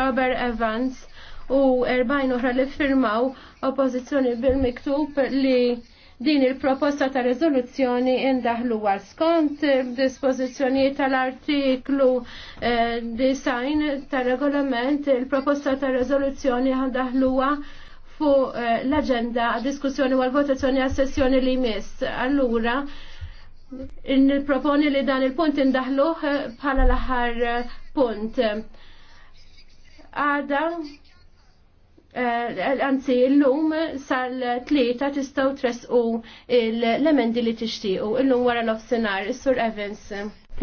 Robert Evans u erbajn oħra li firmaw oppożizzjoni bil-miktub li din il-proposta ta' rezoluzzjoni indaħlu għal skont dispożizzjonijiet tal-artiklu eh, design ta' regolament il-proposta ta' rezoluzzjoni għandaħluwa fu eh, l-agenda diskussjoni għal votazzjoni għal sessjoni li jmiss. Allura, il-proponi li dan il-punt indaħluħ eh, bħala l-aħħar eh, punt għada għanzi eh, l-lum sal-tlieta tistaw tresqu l-emendi li tixtiqu l-lum wara l-ofsenar, Sur Evans.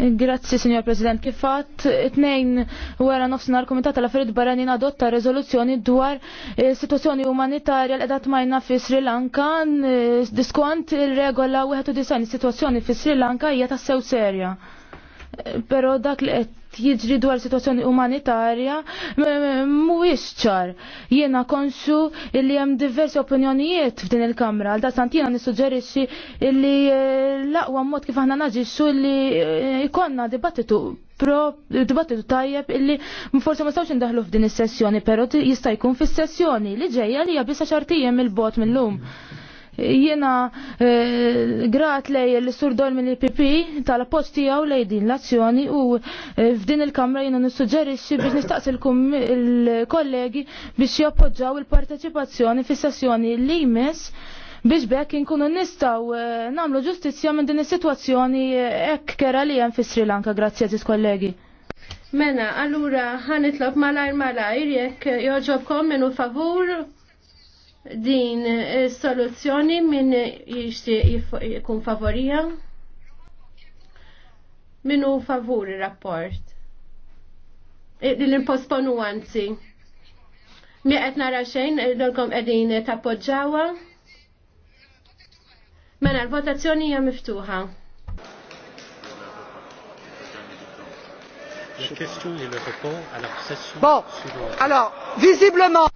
Grazzi, Signor President. Kifat, it-nejn wara nofsinar komitat tal-affarijiet barranin adotta rezoluzzjoni dwar eh, situazzjoni umanitarja l edat majna fi Sri Lanka. Eh, diskont il-regola disajn situazzjoni fi Sri Lanka hija tassew serja pero dak li qed jiġri dwar situazzjoni umanitarja mhuwiex ċar. Jiena konxu li hemm diversi opinjonijiet f'din il-Kamra, għal dasant jiena nissuġġerixxi li eh, l-aqwa mod kif aħna naġixxu li jkollna eh, dibattitu pro dibattitu tajjeb illi forse ma stawx indaħlu f'din is-sessjoni, però jista' jkun fis-sessjoni li ġejja li hija bissa xartijiem il-bot mill-lum. Jiena eh, grat lej l-sur dol minn il-PP tal-appost tiegħu lej din l-azzjoni u eh, f'din il-kamra jiena nissuġġerixxi biex nistaqsilkom il-kollegi biex jappoġġaw il-parteċipazzjoni fis-sessjoni li jmiss biex bekk inkunu nistaw eh, namlu ġustizja minn din is-sitwazzjoni hekk kera li hemm fi Sri Lanka, grazzi għaziz kollegi. Mena, allura ħanitlob malajr malajr jekk joġobkom minnu favur din eh, soluzzjoni minn jkun favorija minn u favur il-rapport. Eh, l-imposponu għanzi. Mi għet nara xejn dolkom eh, qegħdin tappoġġawa. Mena l-votazzjoni hija miftuħa. Bon, alors, visiblement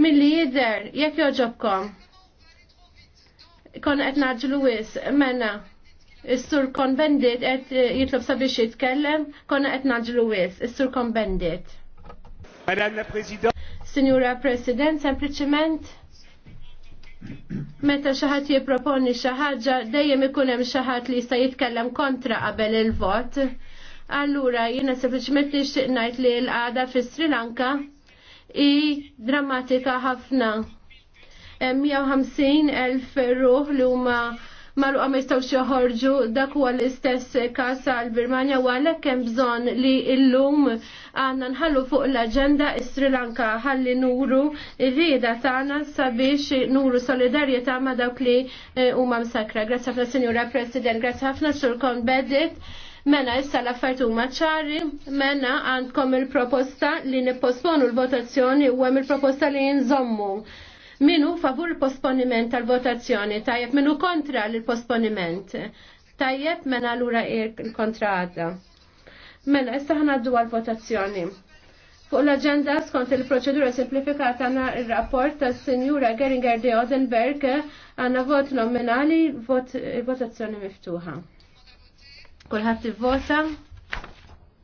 milli jidher jekk joġobkom. Kon qed ġluwis, wis mena. Is-sur konbendit qed eh, jitlob sabiex jitkellem, konna qed naġlu wis, is-sur konbendit. Madame la President. Signora President, sempliċement meta xi ħadd jipproponi xi ħaġa dejjem ikun hemm xi ħadd li jista' jitkellem kontra qabel il-vot. Allura jiena sempliċement nixtieq ngħid li l-qagħda fi Sri Lanka i drammatika ħafna. 150 elf ruħ li huma marruqa ma jistgħux joħorġu dak huwa l-istess kasa għall-Birmanja u għalhekk hemm bżonn li llum għandna nħallu fuq l-aġenda Sri Lanka ħalli nuru vida tagħna sabiex nuru solidarjetà ma' dawk li eh, huma msakra. Grazzi ħafna Sinjura President, grazzi ħafna Sur Kon Bedit. Mena issa l-affert huma ċari, mena għandkom il-proposta li nipposponu l-votazzjoni u hemm il-proposta li nżommu. Minu favur il-posponiment tal-votazzjoni, tajjeb minu kontra l-posponiment. Tajjeb mena l-ura il-kontra għadda. Mela, issa ħana għaddu għal-votazzjoni. Fuq l-agenda skont il-proċedura simplifikata għanna il-rapport ta' Senjura Geringer de Odenberg għanna vot nominali, vot, votazzjoni miftuħa kolħat il-vota,